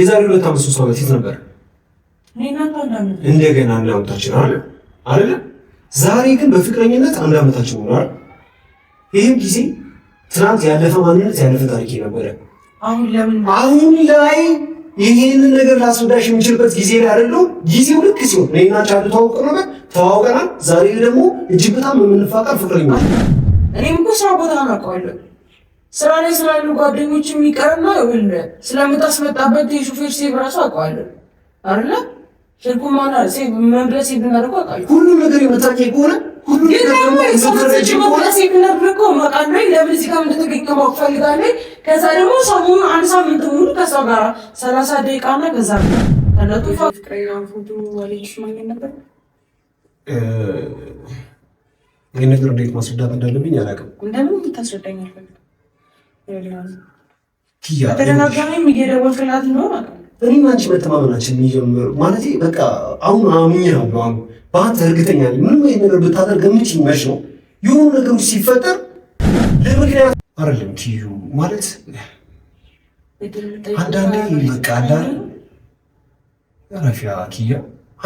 የዛሬ ሁለት ዓመት ሶስት ዓመት የት ነበር? እንደገና አንድ ዓመታችን አለ አይደለ? ዛሬ ግን በፍቅረኝነት አንድ ዓመታችን ሆኗል። ይህም ጊዜ ትናንት ያለፈ ማንነት ያለፈ ታሪክ ነበረ። አሁን ላይ ይህንን ነገር ላስረዳሽ የምችልበት ጊዜ ላይ አይደለሁም። ጊዜው ልክ ሲሆን እኔና ቻሉ አንድ ነበር፣ ተዋውቀናል። ዛሬ ደግሞ እጅግ በጣም የምንፋቀር ፍቅረኛ እኔም እኮ ስራ ቦታ አውቀዋለሁ ስራ ላይ ስላሉ ጓደኞች የሚቀርና ይሁን ስለምታስመጣበት የሹፌር ሴብ ራሱ አውቀዋለሁ አለ ስልኩም ማና ሴብ መምለስ ሴብ እናደርገው አውቃለሁ። ሁሉም ነገር የመታወቂያ ከሆነ ይህ ነገር እንዴት ማስረዳት እንዳለብኝ አላውቅም። እንደምን ታስረዳኝ አልፈልግም በተደጋጋሚም እየደወልክላት ነው። እኔና አንቺ መተማመናችን የሚጀምር ማለት በቃ አሁን አምኜ ነው አሁን በአንተ እርግጠኛ ምንም ነገር ብታደርግ የምትመሽ ነው። የሆኑ ነገሮች ሲፈጠር ለምክንያት አይደለም ኪዩ ማለት አንዳንዴ በቃ አንዳንዴ ረፊያ ኪያ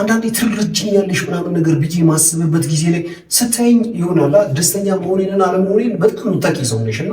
አንዳንዴ ትርጅን ያለሽ ምናምን ነገር ብዬ የማስብበት ጊዜ ላይ ስታይኝ ይሆናላ ደስተኛ መሆኔንና አለመሆኔን በጣም ታውቂ ሰው ነሽ እና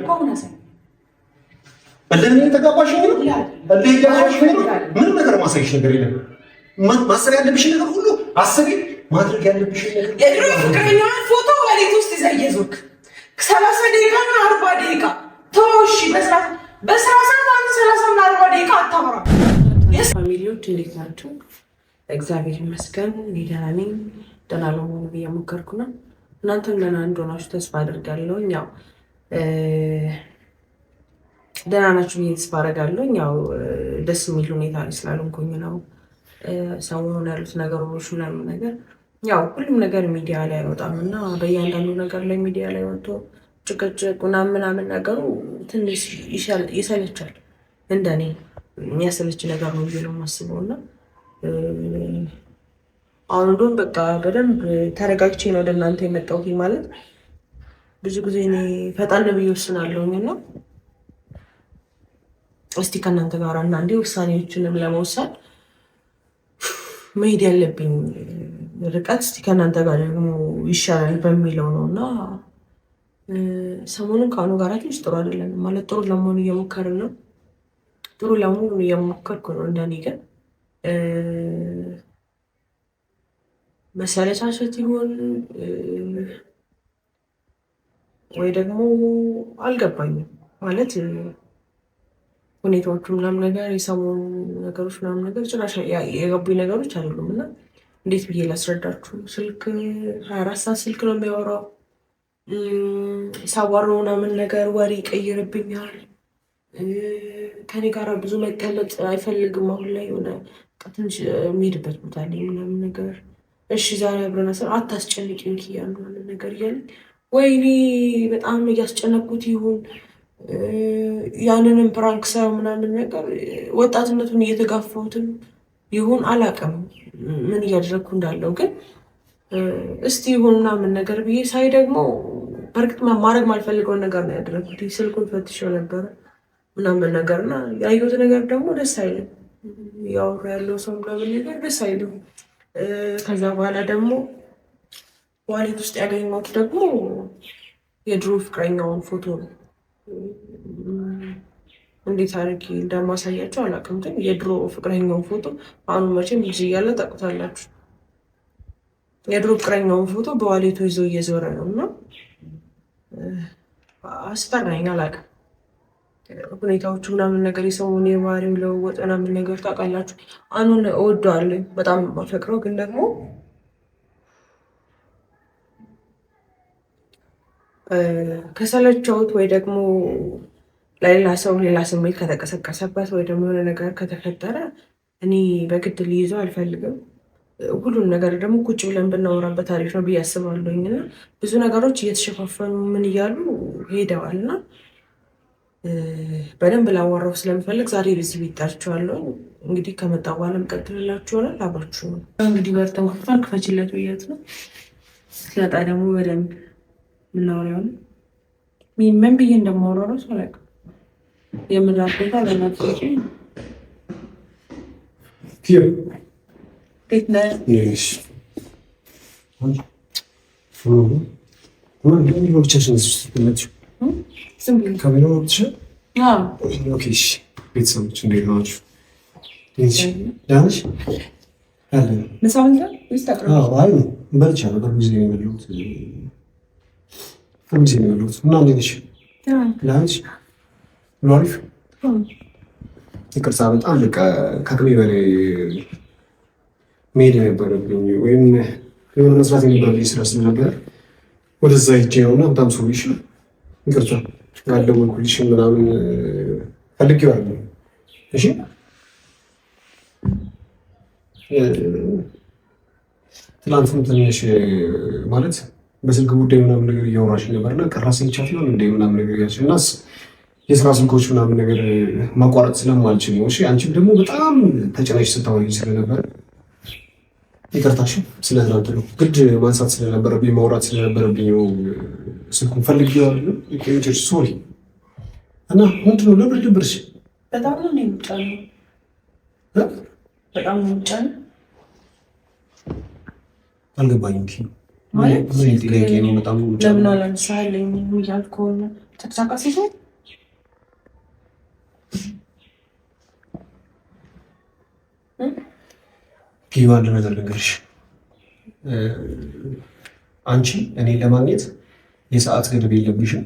እልህ ተጋባሽ ነው። እልህ የተጋባሽ ነው። ምንም ነገር ማሳይሽ ነገር የለም። ማሰብ ያለብሽ ነገር ሁሉ አስቢ። ማድረግ ያለብሽ ነገር የድሮ ፍቅረኛዋን ፎቶ ወዴት ውስጥ ይዘህ እየዞርክ ሰላሳ ደቂቃ እና አርባ ደቂቃ ተወሺ። በስራ ሰዓት አንድ ሰላሳ እና አርባ ደቂቃ አታምራ። ፋሚሊዎች እንዴት ናቸው? እግዚአብሔር ይመስገን እኔ ደህና ነኝ። ደህና ለመሆኑ እየሞከርኩ ነው። እናንተም ደህና እንደሆናችሁ ተስፋ አድርጋለሁ። ያው ደህና ናችሁ ብዬ ተስፋ አደርጋለሁ። ያው ደስ የሚል ሁኔታ ስላልሆንኩኝ ነው። ሰሞኑን ያሉት ነገሮች ምናምን ነገር ያው ሁሉም ነገር ሚዲያ ላይ አይወጣም እና በእያንዳንዱ ነገር ላይ ሚዲያ ላይ ወጥቶ ጭቅጭቅ ምናምን ምናምን ነገሩ ትንሽ ይሰለቻል። እንደኔ የሚያሰለች ነገር ነው ብዬ ነው የማስበው እና አሁን እንደውም በቃ በደንብ ተረጋግቼ ነው ወደ እናንተ የመጣሁት። ማለት ብዙ ጊዜ እኔ ፈጣን ብዬ ወስናለሁኝ እና እስቲ ከእናንተ ጋር አንዳንዴ ውሳኔዎችንም ለመውሰድ መሄድ ያለብኝ ርቀት እስቲ ከእናንተ ጋር ደግሞ ይሻላል በሚለው ነው እና ሰሞኑን ከአኑ ጋር ትንሽ ጥሩ አይደለም ማለት ጥሩ ለመሆኑ እየሞከርን ነው። ጥሩ ለመሆኑ እየሞከርኩ ነው። እንደኔ ግን መሰለቻቸት ይሆን ወይ ደግሞ አልገባኝም ማለት ሁኔታዎቹ ምናምን ነገር የሰሙ ነገሮች ምናምን ነገር ጭራሽ የገቡኝ ነገሮች አይደሉም እና እንዴት ብዬ ላስረዳችሁ? ስልክ ሀያ አራት ሰዓት ስልክ ነው የሚያወራው። ሳዋሮ ምናምን ነገር ወሬ ይቀይርብኛል። ከኔ ጋር ብዙ መቀመጥ አይፈልግም። አሁን ላይ ሆነ ትንሽ የሚሄድበት ቦታ ላይ ምናምን ነገር እሺ ዛሬ አብረን አታስጨንቂኝ እያሉ ነገር እያለኝ ወይኔ በጣም እያስጨነኩት ይሁን ያንንም ፕራንክ ሰው ምናምን ነገር ወጣትነቱን እየተጋፋሁትም ይሁን አላቅም ምን እያደረግኩ እንዳለው ግን እስቲ ይሁን ምናምን ነገር ብዬ ሳይ ደግሞ በእርግጥ ማድረግ ማልፈልገውን ነገር ነው ያደረግኩት። ስልኩን ፈትሸው ነበረ ምናምን ነገር እና ያየሁት ነገር ደግሞ ደስ አይልም። ያወራ ያለው ሰው ምናምን ነገር ደስ አይልም። ከዛ በኋላ ደግሞ ዋሌት ውስጥ ያገኘሁት ደግሞ የድሮ ፍቅረኛውን ፎቶ ነው። እንዴት አድርጌ እንደማሳያቸው አላውቅም፣ ግን የድሮ ፍቅረኛውን ፎቶ አሁኑ መቼም ልጅ እያለ ታውቁታላችሁ። የድሮ ፍቅረኛውን ፎቶ በዋሌቱ ይዞ እየዞረ ነው እና አስፈራኝ። አላውቅም ሁኔታዎቹ ምናምን ነገር የሰውን የባህሪው ለውጥ ምናምን ነገር ታውቃላችሁ። አኑን እወደዋለሁ፣ በጣም የማፈቅረው ግን ደግሞ ከሰለቸውት ወይ ደግሞ ለሌላ ሰው ሌላ ስሜት ከተቀሰቀሰበት ወይ ደግሞ የሆነ ነገር ከተፈጠረ እኔ በግድ ልይዘው አልፈልግም። ሁሉን ነገር ደግሞ ቁጭ ብለን ብናወራበት አሪፍ ነው ብዬ አስባለሁኝ እና ብዙ ነገሮች እየተሸፋፈኑ ምን እያሉ ሄደዋል እና በደንብ ላዋራው ስለምፈልግ ዛሬ በዚህ ቤት እንግዲህ ከመጣ በኋላ የምቀጥልላችሁ ይሆናል። አብራችሁ ነው እንግዲህ በርተን ክፍል ክፈችለት ብያት ነው ስለጣ ደግሞ በደንብ ምናወሪውን ምን ብዬ እንደማወራው እራሱ አላውቅም። የምራቦታ ለናት ቤተሰቦች እንዴት ናችሁ? ምሳ በልቻለሁ። በጊዜ ነው የበላሁት ጊዜ ነው እና እንዴት ነሽ? አሪፍ? ይቅርታ በጣም በቃ ከአቅሜ በላይ መሄድ የነበረብኝ ወይም የሆነ መስራት የነበረብኝ ስራ ስለነበረ ወደዛ ሄጄ ነውና በጣም ሰውሽ ይቅርታ ያልደወልኩልሽም ምናምን ፈልጌው አለ። እሺ ትናንትም ትንሽ ማለት በስልክ ጉዳይ ምናምን ነገር እያወራች ነበር እና ቀራ ስልቻት ሆን እንደ ምናምን ነገር እያለች እና የስራ ስልኮች ምናምን ነገር ማቋረጥ ስለማልችል ነው። እሺ አንቺም ደግሞ በጣም ተጨናሽ ስታወኝ ስለነበር ይቅርታሽ ስለትናንት ነው ግድ ማንሳት ስለነበረብኝ ማውራት ስለነበረብኝ ስልኩን ፈልግ ያለ ሶሪ እና ምንድን ነው ለብር ድብርሽ በጣም ነው ውጫ ነው በጣም ነው ውጫ ነው ለምን አንድ ነገር ልንገርሽ፣ አንቺ እኔ ለማግኘት የሰዓት ገደብ የለብሽም።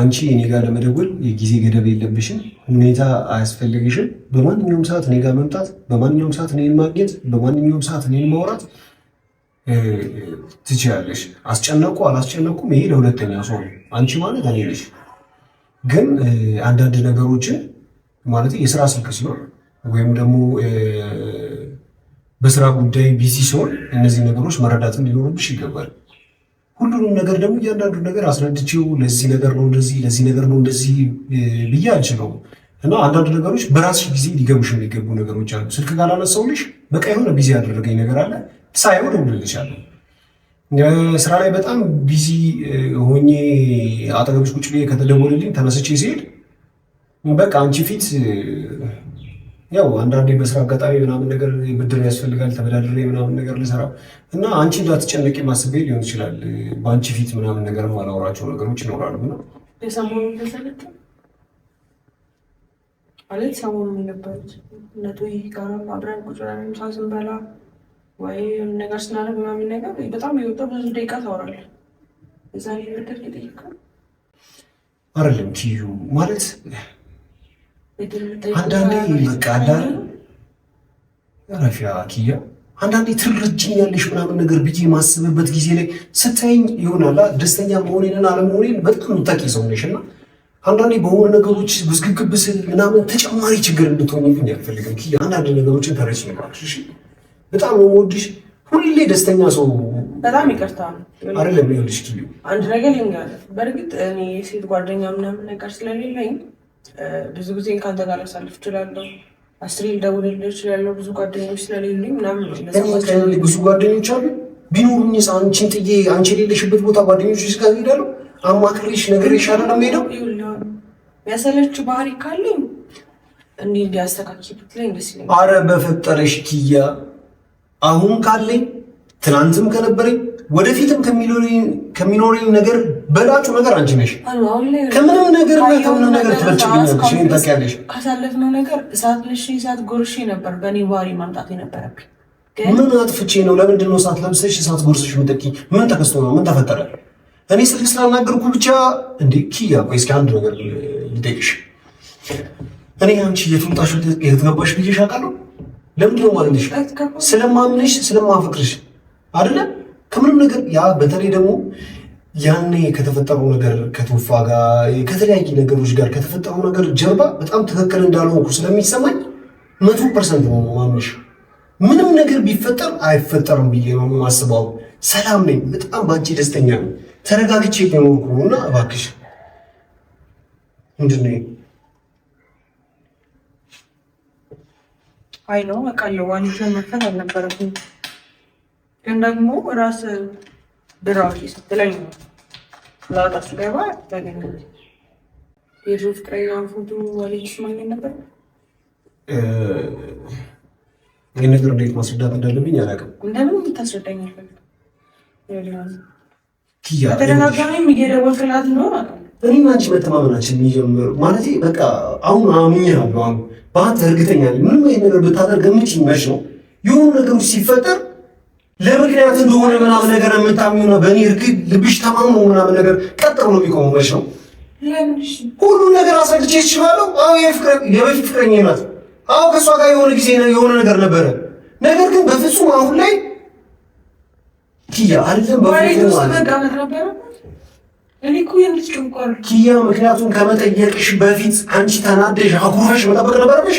አንቺ እኔ ጋር ለመደወል የጊዜ ገደብ የለብሽም። ሁኔታ አያስፈልግሽም። በማንኛውም ሰዓት እኔ ጋር መምጣት፣ በማንኛውም ሰዓት እኔን ማግኘት፣ በማንኛውም ሰዓት እኔን ማውራት ትችላለሽ። አስጨነቁ አላስጨነቁም ይሄ ለሁለተኛ ሰው አንቺ ማለት እኔ ነሽ። ግን አንዳንድ ነገሮችን ማለት የስራ ስልክ ሲሆን ወይም ደግሞ በስራ ጉዳይ ቢዚ ሲሆን እነዚህ ነገሮች መረዳትም ሊኖርብሽ ይገባል። ሁሉንም ነገር ደግሞ እያንዳንዱ ነገር አስረድቼው ለዚህ ነገር ነው እንደዚህ ለዚህ ነገር ነው እንደዚህ ብዬ አልችለው እና አንዳንድ ነገሮች በራስሽ ጊዜ ሊገቡሽ የሚገቡ ነገሮች አሉ። ስልክ ካላነሳሁልሽ በቃ የሆነ ቢዚ ያደረገኝ ነገር አለ ሳየው ደውልልሻለሁ። ስራ ላይ በጣም ቢዚ ሆኜ አጠገብሽ ቁጭ ብዬ ከተደወልልኝ ተነስቼ ሲሄድ በቃ አንቺ ፊት ያው አንዳንዴ በስራ አጋጣሚ ምናምን ነገር ብድር ያስፈልጋል ተበዳድሬ ምናምን ነገር ልሰራ እና አንቺ እንዳትጨነቂ ማስቤ ሊሆን ይችላል። በአንቺ ፊት ምናምን ነገር አላወራቸው ነገሮች ይኖራሉ። ነው ተሰለጠ ማለት ሰሞኑን ነበሩት እነ ጋር አብረን ቁጭ ብለን ምሳ ስንበላ ወይ የሆነ ነገር ስናደርግ ምናምን ነገር በጣም የወጣ ብዙ ደቂቃ ታወራለህ። እዛ ላይ ምድር ይጠይቃል አይደለም ትዩ ማለት አንዳንዴ በቃ አንዳንዴ ረፊያ ኪያ አንዳንዴ ትርጅኝ ያለሽ ምናምን ነገር ብዬ የማስብበት ጊዜ ላይ ስታይኝ ይሆናላ ደስተኛ መሆኔንን አለመሆኔን በጣም ምታቂ ሰው ነሽ እና አንዳንዴ በሆኑ ነገሮች ውዝግግብ ስል ምናምን ተጨማሪ ችግር እንድትሆኝብኝ አልፈልግም። ኪያ አንዳንድ ነገሮችን ተረጭ ነባል በጣም የምወድሽ ሁሌ ደስተኛ ሰው በጣም ይቅርታ አይደለም። ይኸውልሽ ኪያ አንድ ነገር ልንገርህ። በእርግጥ እኔ የሴት ጓደኛ ምናምን ነገር ስለሌለኝ ብዙ ጊዜ ከአንተ ጋር ላሳልፍ እችላለሁ። አስሬ ልደውልልህ እችላለሁ። ብዙ ጓደኞች ስለሌሉኝ ምናምን ብዙ ጓደኞች አሉ። ቢኖሩኝ አንቺን ጥዬ አንቺ የሌለሽበት ቦታ ጓደኞች ስ ጋር ሄዳለሁ። አማክሬሽ ነገር አለ ነው ሄደው ያሰለች ባህሪ ካለኝ እንዲህ እንዲያስተካክሉት ላይ ደስ ይለኛል። አረ በፈጠረሽ ኪያ አሁን ካለኝ ትናንትም ከነበረኝ ወደፊትም ከሚኖረኝ ነገር በላጩ ነገር አንቺ ነሽ። ከምንም ነገር ላይ ከምንም ነገር ትበልጭብኛለሽ። ካሳለፍነው ነገር እሳት ልሽ እሳት ጎርሼ ነበር። በእኔ ባህሪ ማምጣት የነበረብኝ ምን አጥፍቼ ነው? ለምንድን ነው እሳት ለብሰሽ እሳት ጎርሰሽ ምጠቂ? ምን ተከስቶ ነው? ምን ተፈጠረ? እኔ ስልክ ስላናገርኩ ብቻ እንዴ? ኪያ ቆይ እስኪ አንድ ነገር ልጠይቅሽ። እኔ አንቺ የትምጣሽ የትገባሽ ብዬሽ አውቃለሁ ለምንድን ነው ማለትሽ? ስለማምንሽ ስለማፈቅርሽ አይደለ? ከምንም ነገር ያ በተለይ ደግሞ ያኔ ከተፈጠረው ነገር ከቶፋ ጋር ከተለያዩ ነገሮች ጋር ከተፈጠረው ነገር ጀርባ በጣም ትክክል እንዳልሆንኩ ስለሚሰማኝ መቶ ፐርሰንት ነው ማምንሽ። ምንም ነገር ቢፈጠር አይፈጠርም ብዬ ነው የማስበው። ሰላም ነኝ፣ በጣም ባንቺ ደስተኛ ነኝ፣ ተረጋግቼ በኖርኩ እና እባክሽ ምንድን ነው አይ ነው አውቃለሁ። ዋንዥን መክፈት አልነበረብኝም፣ ግን ደግሞ ራስ ድራዊ ስትለኝ ነው ላጣ ስገባ ያገኘ የድሮ ፍቅረኛዋን ፎቶ ዋሌጅ ማግኘት ነበር። ይህን ነገር እንዴት ማስረዳት እንዳለብኝ አላውቅም። እንደምን ታስረዳኝ አልፈልግም። በተደጋጋሚ እየደወልኩላት ነው። እኔና አንቺ መተማመናችን የሚጀምር ማለት በቃ አሁን አምኜ ነው በአንተ እርግጠኛ ነኝ። ምንም ይሄን ነገር ብታደርግ የምትመሽ ነው። የሆኑ ነገሮች ሲፈጠር ለምክንያት እንደሆነ ምናምን ነገር የምታምኚው ነው። በእኔ እርግጥ ልብሽ ተማምኖ ምናምን ነገር ቀጥሮ ነው የሚቆመው መች ነው? ሁሉ ነገር አሳልቼ ይችላለሁ። አዎ የበፊት ፍቅረኛ ናት። አዎ ከእሷ ጋር የሆነ ጊዜ የሆነ ነገር ነበረ። ነገር ግን በፍጹም አሁን ላይ ትያ አለም በ ኪያ ምክንያቱም ከመጠየቅሽ በፊት አንቺ ተናደሽ አጉረሽ መጠበቅ ነበረብሽ።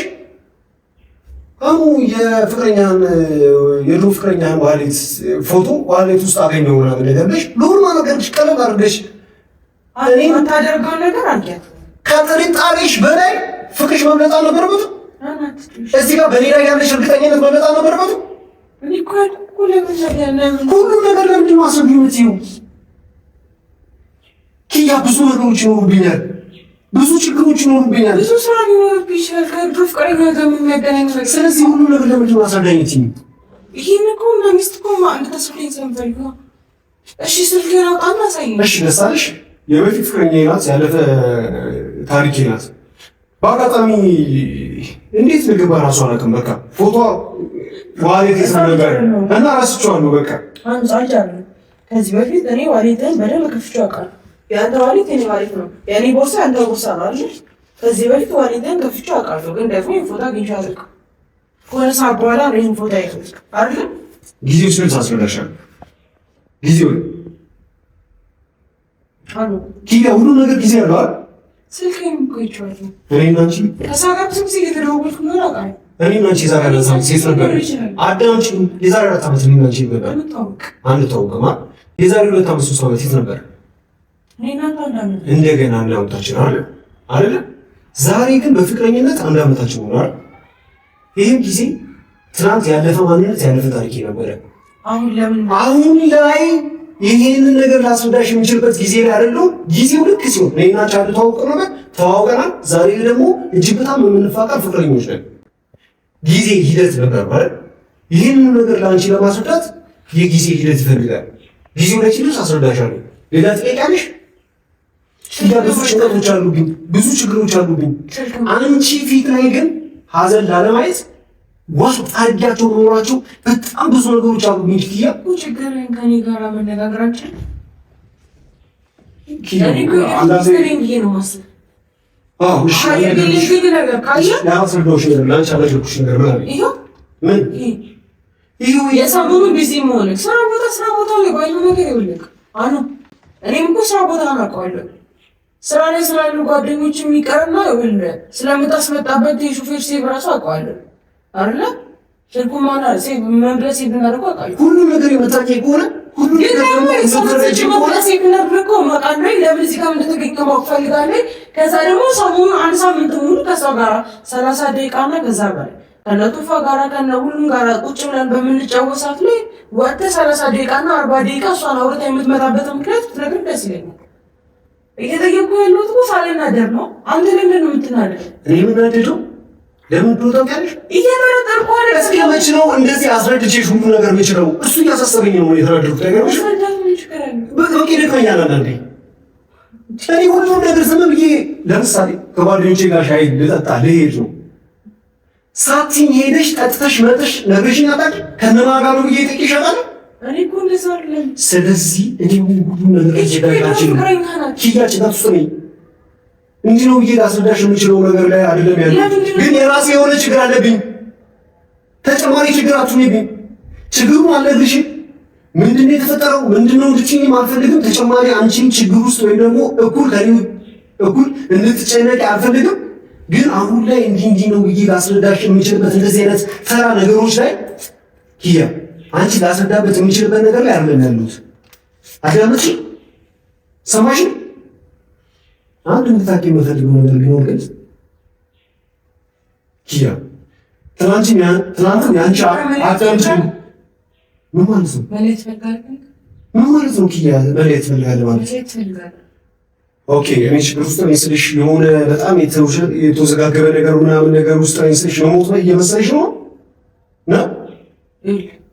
አሁኑ የፍቅረኛን የድሮ ፍቅረኛን ዋሌት ፎቶ ዋሌት ውስጥ አገኘው ምናምን ነገር ብለሽ ለሁሉም ነገርሽ ቀለል አድርገሽ እኔ የምታደርገው ነገር አድርጊያት። ከጥርጣሬሽ በላይ ፍቅርሽ መምለጥ አልነበረበትም። እዚህ ጋር በእኔ ላይ ያለሽ እርግጠኝነት መምለጥ አልነበረበትም። ሁሉም ነገር ለምንድን ነው አስብ የምትይው? ኪያ ብዙ ነገሮች ይኖሩብኛል፣ ብዙ ችግሮች ይኖሩብኛል፣ ብዙ ስራ ይኖርብኛል፣ ከድሮ ፍቅረኛ ጋር የሚያገናኝ ነገር። ስለዚህ ሁሉ ነገር ለምንድን ነው አስረዳኝ። ይህን እኮ እና ሚስት እኮ እሺ ስልኬን አውጣና አሳይኝ። እሺ ደሳለሽ፣ የበፊት ፍቅረኛ ናት፣ ያለፈ ታሪክ ናት። በአጋጣሚ እንዴት ልገባ ራሱ አላውቅም። በቃ ፎቶ ዋሌት የሰው ነበር እና እረስቸዋለሁ። በቃ አንጻ ከዚህ በፊት እኔ ዋሌትን በደንብ ከፍቼ አውቃለሁ የአንተ ዋሌት የኔ ዋሌት ነው፣ የኔ ቦርሳ የአንተ ቦርሳ ነው አይደል? ከዚህ በፊት ዋሌትን ከፍቼ አውቃለሁ፣ ግን ደግሞ ይሄን ፎቶ አግኝቼ አላውቅም። ከሆነ ሰዓት በኋላ ነው ይሄን ፎቶ ያየሁት አይደል? ጊዜው ሲሆን ታስረዳሻል። ጊዜው ኪያ፣ ሁሉ ነገር ጊዜ ያለው አይደል? ነው የዛሬ ሁለት ዓመት ሴት ነበር እንደገና አንድ ዓመታችን አለ አይደለ? ዛሬ ግን በፍቅረኝነት አንድ አመታችን ሆኗል። ይህም ጊዜ ትናንት ያለፈ ማንነት ያለፈ ታሪክ ነበረ። አሁን ላይ ይህንን ነገር ላስወዳሽ የምችልበት ጊዜ ላይ አደለ። ጊዜው ልክ ሲሆን እኔና ቻሉ አንድ ተዋውቀ ነበር፣ ተዋውቀናል። ዛሬ ደግሞ እጅግ በጣም የምንፋቀር ፍቅረኞች ነን። ጊዜ ሂደት ነበር ማለት ይህንን ነገር ለአንቺ ለማስረዳት የጊዜ ሂደት ይፈልጋል። ጊዜው ላይ ሲደርስ አስረዳሻለሁ። ሌላ ጥያቄ አለሽ? ችግር ብዙ ጭንቀቶች አሉብኝ፣ ብዙ ችግሮች አሉብኝ። አንቺ ፊት ላይ ግን ሀዘን ላለማየት ዋሱ ታዳቸው መኖራቸው በጣም ብዙ ነገሮች አሉብኝ። ኪያ ችግርን ከኔ ጋር መነጋገራችን የሰሞኑን ቢዚ መሆን ስራ ቦታ ስራ ቦታ ላይ ባለው ነገር ይኸውልህ፣ እኔም እኮ ስራ ቦታ አውቀዋለሁ ስራ ላይ ስላሉ ጓደኞች የሚቀርና ይሁን ስለምታስመጣበት የሹፌር ሴብ ራሱ አውቀዋለሁ አለ ስልኩ ማና ሴብ መምለስ ሴብ እናደርገ አውቃለሁ። ሁሉም ነገር የመታወቂ ከሆነ ለምን ጋር ከዛ ደግሞ አንድ ሳምንት ሙሉ ጋር ሰላሳ ደቂቃና ከዛ ከነቱፋ ጋራ ከነ ሁሉም ጋራ ቁጭ ብለን በምንጫወሳት ላይ ሰላሳ ደቂቃና አርባ ደቂቃ እሷን የምትመጣበት ምክንያት ደስ ይለኛል። እየጠየቁ ያሉት እኮ ሳልናደር ነው። አንተ ለምን ነው የምትናደር? እኔ የምናደደው ለምን ብሎ ታውቂያለሽ? እየጠረጠርኩ አለ። ነው እንደዚህ አስረድቼሽ ሁሉ ነገር የምችለው? እሱ እያሳሰበኝ ነው የተናደድኩት። ነገሮች በቂ ደክመኛል። አንዳንዴ እኔ ሁሉም ነገር ዝም ብዬ ለምሳሌ ከጓደኞቼ ጋር ሻይ ልጠጣ ልሄድ ነው። ሳትኝ ሄደሽ ጠጥተሽ መጥሽ ነግረሽኝ አታውቂም? ከነማን ጋር ነው ብዬ ጠይቄሽ አውቃለሁ ስለዚህ እኔ ሁሉ ነገር እንዲህ ነው ብዬ አስረዳሽ የምችለው ነገር ላይ አይደለም ያለው። ግን የራሴ የሆነ ችግር አለብኝ፣ ተጨማሪ ችግር አትሁንብኝ። ችግሩ አልነግርሽም። ምንድን ነው የተፈጠረው? ምንድን ነው እንድትይኝ አልፈልግም። ተጨማሪ አንቺን ችግር ውስጥ ወይም ደግሞ እኩል ከኔ እኩል እንድትጨነቂ አልፈልግም። ግን አሁን ላይ እንዲህ እንዲህ ነው ብዬ አስረዳሽ የምችልበት እንደዚህ አይነት ተራ ነገሮች ላይ ኪያ አንቺ ላስረዳበት የሚችልበት ነገር ላይ አይደለም ያሉት። አዳምጪ፣ ሰማሽ። አንድ እንድታቂ የምፈልገው ነገር ቢኖር ግን ኪያ ትናንትም ትናንትም ያንቺ አዳምጪ። ምን ማለት ነው? ምን ማለት ነው? ኪያ መለየት ትፈልጋለህ ማለት ኦኬ። እኔ ችግር ውስጥ ነኝ ስልሽ የሆነ በጣም የተወዘጋገበ ነገር ምናምን ነገር ውስጥ ነኝ ስልሽ መሞት ነው እየመሰለሽ ነው ነው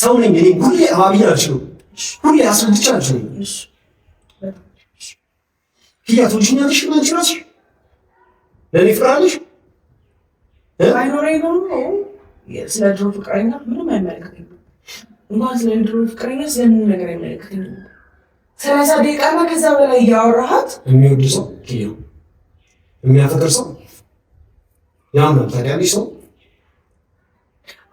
ሰው ነኝ እኔ ሁሌ አባብዬ አልችልም። ሁሌ አስረድቼ አልችልም። ህያ ትወጂኛለሽ? አንቺ እራስሽ ለእኔ ፍራለሽ አይኖረኝ ነው። ስለ ድሮ ፍቅረኛ ምንም አይመለከትም። እንኳን ስለ ድሮ ፍቅረኛ ስለምንም ነገር አይመለከትም። ሰላሳ ደቂቃና ከዛ በላይ እያወራሃት የሚወድ ሰው የሚያፈቅር ሰው ያምናል። ታዲያ ሰው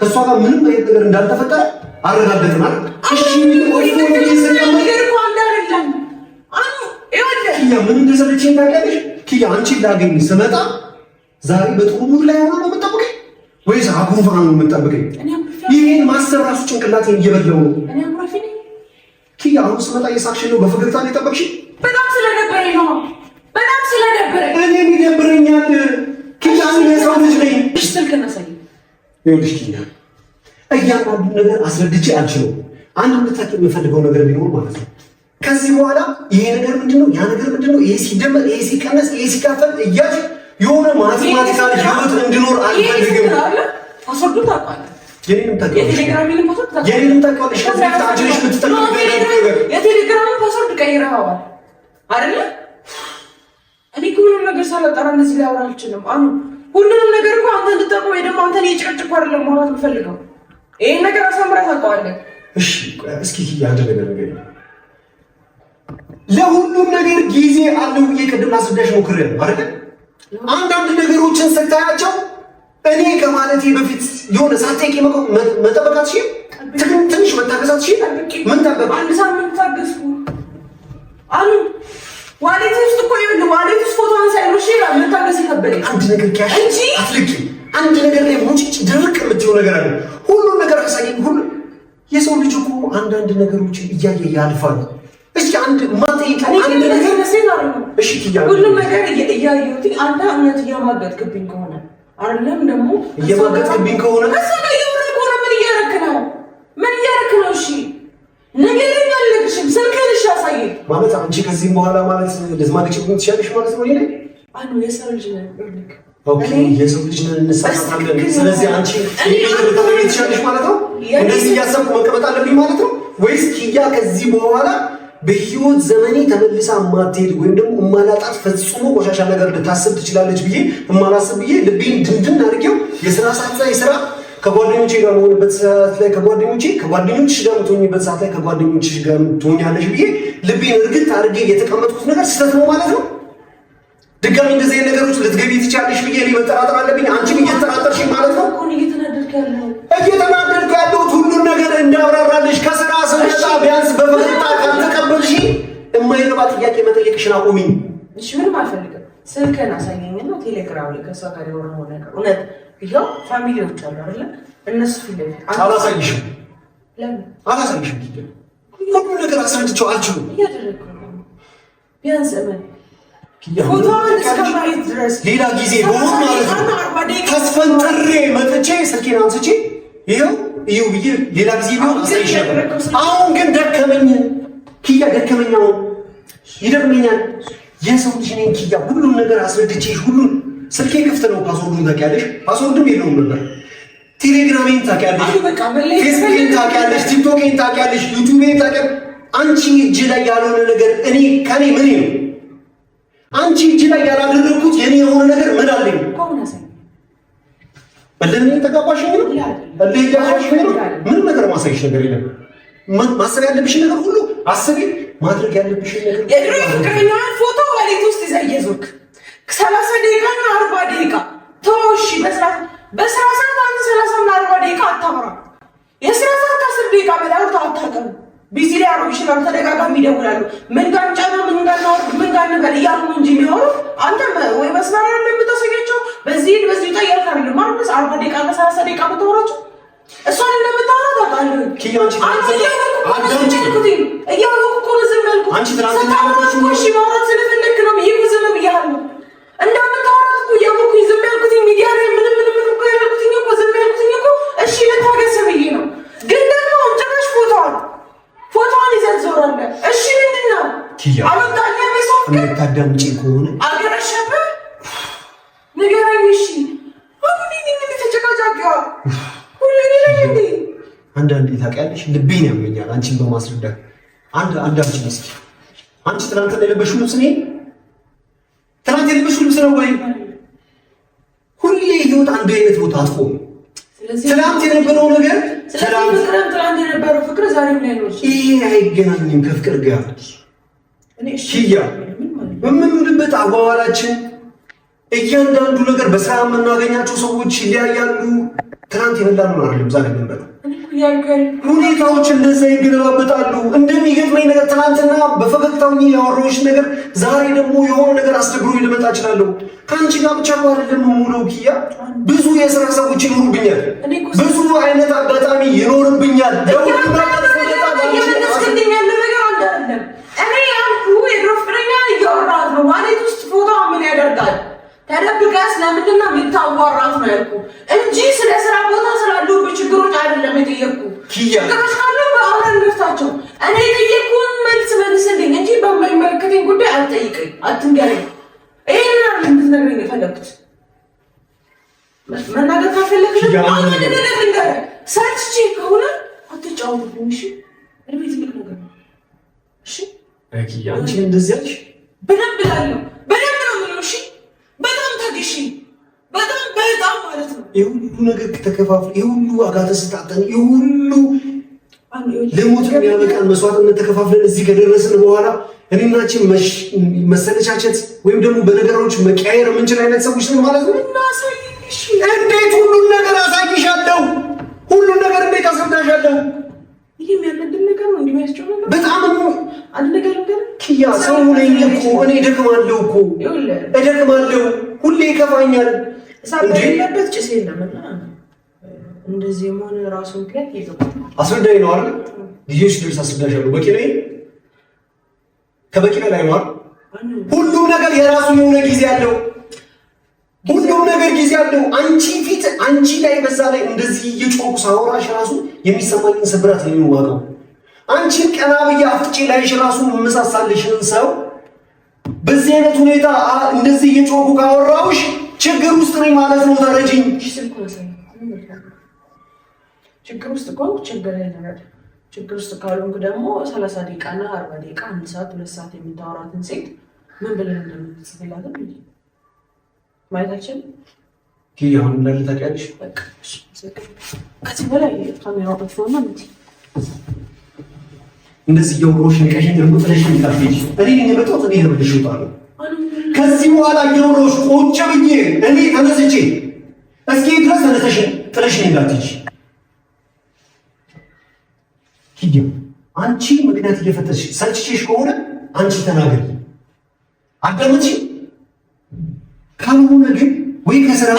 ከእሷ ጋር ምንም አይነት ነገር እንዳልተፈጠረ አረጋግጠናል። ኪያ ምን እንደሰለች ታውቂያለሽ? ኪያ አንቺ ላገኝ ስመጣ ዛሬ በጥሩ ሙድ ላይ ሆኖ ነው የምጠብቀኝ ወይስ አኩርፋ ነው የምጠብቀኝ? ይህን ማሰብ ራሱ ጭንቅላት እየበለው ነው። ኪያ አሁን ስመጣ እየሳቅሽ ነው፣ በፈገግታ ነው የጠበቅሽ። በጣም ስለነበረኝ ነው፣ በጣም ስለደበረኝ እኔ ይደብረኛል። ኪያ እኔ የሰው ልጅ ነኝ። ስልክ ነሳኝ ይኸውልሽ ኪያ እያንዳንዱ ነገር አስረድቼ አልችልም። አንድ እንድታውቂ የምፈልገው ነገር ቢኖር ማለት ነው ከዚህ በኋላ ይሄ ነገር ምንድነው፣ ያ ነገር ምንድነው፣ ይሄ ሲደመር፣ ይሄ ሲቀነስ፣ ይሄ ሲካፈል እያች የሆነ ማቴማቲካል ህይወት እንድኖር አልፈልግም። ፓስወርድ ቀይረኸዋል አይደለ? እኔ ነገር ሳላጠራ እነዚህ ላይ አውራ አልችልም። ሁሉንም ነገር እኮ አንተ እንድታውቀው ወይ ደግሞ አንተን የጭቅጭቅ አይደለም ማለት የምፈልገው ይሄን ነገር አሳምራ ታውቀዋለህ። እሺ እስኪ ያንተ ነገር ነገር ለሁሉም ነገር ጊዜ አለው ብዬ ቅድም አስረዳሽ ሞክሬያለሁ አይደል? አንዳንድ ነገሮችን ስታያቸው እኔ ከማለቴ በፊት የሆነ ሳትጠይቂ መጠበቃት ሺ ትንሽ መታገሳት ሺ ምን ጠበቅ አንድ ሳምንት ታገስኩ አሉ ዋሌት ውስጥ እኮ ይሁን ዋሌት ውስጥ ፎቶን ሳይሉሽ ይላል መታገስ ይከበደኝ አንድ ነገር ያሽ እንጂ አትልቂ አንድ ነገር ላይ ሙጭጭ ድርቅ የምትይው ነገር አለ የደረሰኝም ሁሉ የሰው ልጅ እኮ አንዳንድ ነገሮችን እያየ ያልፋል። እሺ አንድ ነገር ሁሉም ነገር እያየሁት አንተ እውነት እያማገጥክብኝ ከሆነ አይደለም ደግሞ እያማገጥክብኝ ከሆነ ከሆነ ምን እያረክ ነው? ምን እያረክ ነው? እሺ ስልክህን እሺ አሳየኝ ማለት አንቺ ከዚህም በኋላ ማለት ልዝማግጭ ትችያለሽ ማለት ነው። ይሄ አንዱ የሰው ልጅ ነው ልክ የሰው ልጅ እንሳሳታለን። ስለዚህ አንቺ ትችላለሽ ማለት ነው። እንደዚህ እያሰብኩ መቀመጥ አለብኝ ማለት ነው ወይስ ኪያ ከዚህ በኋላ በህይወት ዘመኔ ተመልሳ ማትሄድ ወይም ደግሞ እማላጣት ፈጽሞ ቆሻሻ ነገር ልታስብ ትችላለች ብዬ እማላስብ ብዬ ልቤን ድንድን አድርጌው የስራ ሰዓት ላይ ስራ ከጓደኞቼ ጋር የምሆንበት ሰዓት ላይ ከጓደኞቼ ከጓደኞችሽ ጋር የምትሆኝበት ሰዓት ላይ ከጓደኞችሽ ጋር ትሆኛለሽ ብዬ ልቤን እርግጥ አድርጌ የተቀመጥኩት ነገር ስህተት ነው ማለት ነው። ድጋሚ እንደዚህ አይነት ነገሮች ልትገቢ ትቻለሽ ብዬ እኔ መጠራጠር አለብኝ። አንቺም እየተጠራጠርሽ ማለት ነው። እየተናደድኩ ያለሁት ሁሉን ነገር እንዳብራራለሽ ከስራ ስነጣ ቢያንስ በፈታ ካልተቀበልሽ የማይረባ ጥያቄ መጠየቅሽን አቁሚኝ። እሺ፣ ምንም አልፈልግም። ስልክህን አሳየኝና ቴሌግራም ላይ ከእሷ ጋር የሆነ ነገር እውነት ይኸው ፋሚሊዎች አሉ አይደለ? እነሱ ፊት ለፊት አላሳይሽም፣ አላሳይሽም። ሁሉ ነገር አስረድቼው አልችሉም። ቢያንስ እመን ሌላ ጊዜ በሆን ማለት ነው። ተስፈንጥሬ መጥቼ ስልኬን አንስቼ ይኸው ይኸው ብዬ ሌላ ጊዜ ቢሆን አሁን ግን ደከመኝ፣ ኪያ ደከመኝ፣ ይደክመኛል። የሰው ልጅ እኔን ኪያ ሁሉም ነገር አስረድቼ ሁሉም ስልኬ ክፍት ነው። ፓስወርዱን ታውቂያለሽ፣ ፓስወርድም የለውም ነበር። ቴሌግራሜን ታውቂያለሽ፣ ፌስቡኬን ታውቂያለሽ፣ ቲክቶኬን ታውቂያለሽ፣ ዩቱቤን ታውቂያለሽ። አንቺ እጅ ላይ ያልሆነ ነገር እኔ ከኔ ምን ነው አንቺ እጅ ላይ ያላደረኩት የኔ የሆነ ነገር ምን አለኝ? በለኔ ተጋባሽ ነው እያለሽ ነው። ምን ነገር ማሳይሽ ነገር የለም። ማሰብ ያለብሽን ነገር ሁሉ አስቢ። ማድረግ ያለብሽን ነገር የድሮ ፍቅረኛዋን ፎቶ በሌት ውስጥ ይዘህ እየዞርክ ሰላሳ ደቂቃ አርባ ደቂቃ ተወሺ። በስራ ሰዓት አንድ ሰላሳ እና አርባ ደቂቃ አታምራ። የስራ ሰዓት አስር ደቂቃ በላይ አውርተው አታውቅም። ቢዚ ላይ ተደጋጋሚ ይደውላሉ። ምን ጋር ጫና ምን ጋር ነው ተከተል እያልኩ እንጂ የሚሆኑ አንተ ወይ መስመር ያለ የምታሰኛቸው በዚህ በዚህ ጣ እያልክ አይደለም ማለት አርባ ደቂቃ ከሰላሳ ደቂቃ ምታወራቸው እሷን እንደምታወራ ታውቃለህ። እያወቅሁ ነው ማውራት ነው ይህ ዝም ብያለሁ። እንደምታወራት እኮ እያወቅሁኝ ዝም ያልኩት ሚዲያ ላይ ምንም ምንም ምንም እኮ ያልኩትኝ እኮ ዝም ያልኩትኝ እኮ እሺ ልታገስ ብዬ ነው ግን ፎቶዋን ይዘን ዞራለ። እሺ ምንድን ነው አበጣለ ሰው እንዳታዳምጪ ከሆነ አገረሸብህ ንገረኝ። እሺ አንዳንዴ ታውቂያለሽ ልቤን ያመኛል አንቺን በማስረዳት አንድ አንዳችን እስኪ አንቺ ትናንት የለበሽው ልብስ ነው ትናንት የለበሽው ልብስ ነው ወይ ሁሌ ህይወት አንድ አይነት ቦታ አትቆም ትናንት የነበረው ነገር ትናንት የነበረው ፍቅር ዛሬም ላይ ነው። ይህ አይገናኝም ከፍቅር ጋር ሽያ በምንውልበት አዋዋላችን እያንዳንዱ ነገር በስራ የምናገኛቸው ሰዎች ይለያያሉ። ትናንት የበላነው አይደለም ዛሬ የምንበላው ሁኔታዎች እንደዛ ይገለባበጣሉ። እንደሚገጥመኝ ነገር ትናንትና በፈገግታው ያወራሁሽ ነገር ዛሬ ደግሞ የሆነ ነገር አስቸግሮ ልመጣ እችላለሁ። ከአንቺ ጋር ብቻ አይደለም ሙሉ ኪያ፣ ብዙ የስራ ሰዎች ይኖሩብኛል። ብዙ አይነት አጋጣሚ ይኖርብኛል። እኔ ያልኩህ የድሮ ፍቅረኛ እያወራት ነው ማለት ውስጥ ቦታ ምን ያደርጋል? ተደብቀ ስለምንድና የሚታወራው ነው ያልኩ እንጂ ስለ ስራ ቦታ ስላሉብህ ችግሮች አይደለም የጠየቅኩ። ችግሮች ካሉ በአብረን እንፍታቸው። እኔ የጠየቅኩን መልስ መልስልኝ እንጂ በማይመለከተኝ ጉዳይ አልጠይቀኝ፣ አትንገረኝ። ይህን አ እንድትነግረኝ የፈለግኩት መናገር ካልፈለግሽ ንገረ ሰርችቼ ከሆነ አትጫወትብኝ። እሺ፣ እድሜ ትልቅ ነገር ነው። እሺ፣ እንደዚያች በደንብ ላለሁ እሺ በጣም በጣም ማለት ነው። የሁሉ ነገር ተከፋፍሎ የሁሉ ዋጋ ተሰጣጠን የሁሉ ለሞት የሚያበቃን መስዋዕትነት ተከፋፍለን እዚህ ከደረስን በኋላ እኔናችን መሰለቻቸት ወይም ደግሞ በነገሮች መቀያየር የምንችል አይነት ሰዎች ነን ማለት ነው። እንዴት ሁሉን ነገር አሳይሻለሁ፣ ሁሉን ነገር እንዴት አስረዳሻለሁ በጣም ኪያ ሰው ሁሌኝ እኮ እኔ እደክማለሁ እኮ እደክማለሁ፣ ሁሌ ይከፋኛል። ሳለበት ጭስ የለምና እንደዚህ መሆን ራሱ ምክንያት አስረዳኝ ነው አይደል? ልጆች ድረስ አስረዳሻለሁ። በቂ ነው፣ ከበቂ በላይ ሁሉም ነገር የራሱ የሆነ ጊዜ አለው። ሁሉም ነገር ጊዜ አለው። አንቺ ፊት አንቺ ላይ በዛ ላይ እንደዚህ እየጮኩ ሳወራሽ ራሱ የሚሰማኝን ስብራት ነው የሚዋጋው። አንቺን ቀና ብዬ አፍጥጬ ላይሽ ራሱ የምሳሳልሽን ሰው በዚህ አይነት ሁኔታ እንደዚህ እየጮኩ ካወራውሽ ችግር ውስጥ ነኝ ማለት ነው። ተረጅኝ ችግር ውስጥ እኮ ችግር ያለበት ችግር ውስጥ ካልሆንክ ደግሞ ሰላሳ ደቂቃና አርባ ደቂቃ አንድ ሰዓት ሁለት ሰዓት የምታወራትን ሴት ምን ብለን እንደምትጽፍላትም ማለታችን ይህ አሁን እንዳለ ታውቂያለሽ። ከዚህ በላይ ካሜራ ጠፍቶና እንደዚህ ደግሞ ጥለሽ እኔ እኔ ከዚህ በኋላ የውሮሽ ብዬ እኔ ተነስቼ እስኪ ድረስ ጥለሽ አንቺ ምክንያት እየፈጠርሽ ከሆነ አንቺ ተናገሪ። ካልሆነ ግን ወይ ከስራ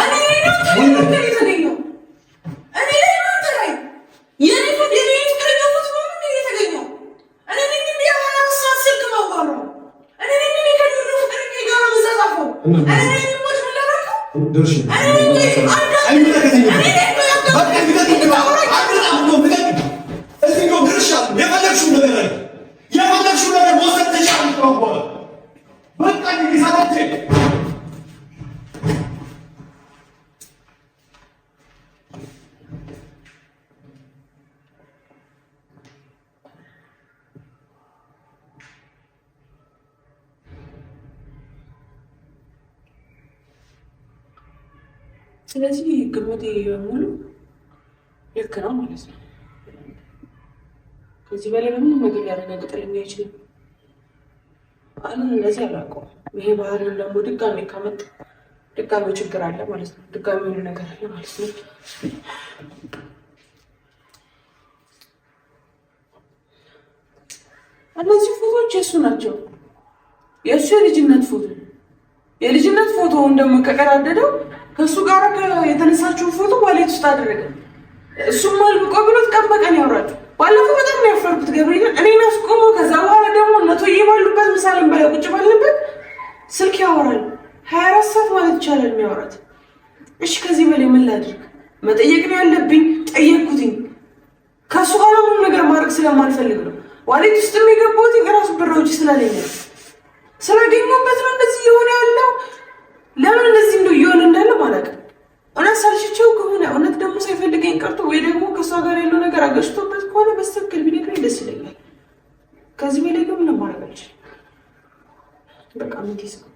ስለዚህ ግምቴ በሙሉ ልክ ነው ማለት ነው። ከዚህ በላይ በምንም ነገር ሊያረጋግጥልኝ አይችልም። በዓሉን እንደዚህ አላውቀውም። ይሄ ባህሉን ደግሞ ድጋሜ ከመጣ ድጋሜ ችግር አለ ማለት ነው። ድጋሜ የሆነ ነገር አለ ማለት ነው። እነዚህ ፎቶዎች የእሱ ናቸው። የእሱ የልጅነት ፎቶ የልጅነት ፎቶውን ደግሞ ከቀዳደደው ከእሱ ጋር የተነሳችውን ፎቶ ዋሌት ውስጥ አደረገ። እሱም አልብቆ ብሎት ቀን በቀን ያወራችሁ። ባለፈው በጣም ያፈርኩት ገብርኤልን እኔን አስቆሞ፣ ከዛ በኋላ ደግሞ እነቶ የባሉበት ምሳሌን በላይ ቁጭ ባለበት ስልክ ያወራል። ሀያ አራት ሰዓት ማለት ይቻላል የሚያወራት። እሺ ከዚህ በላይ ምን ላድርግ? መጠየቅ ነው ያለብኝ። ጠየቅኩትኝ። ከእሱ ኋላ ምንም ነገር ማድረግ ስለማልፈልግ ነው ዋሌት ውስጥ የሚገባት የራሱ ብራዎች ስላገኘ ስላገኘበት ነው እንደዚህ የሆነ ያለው ለምን እንደዚህ እንደው እየሆነ እንዳለ ማለት እውነት ሳልሽቸው ከሆነ እውነት ደግሞ ሳይፈልገኝ ቀርቶ ወይ ደግሞ ከእሷ ጋር ያለው ነገር አገጭቶበት ከሆነ በስተክል ቢነግረኝ ደስ ይለኛል። ከዚህ በላይ ግን ምንም ማድረግ አልችልም። በቃ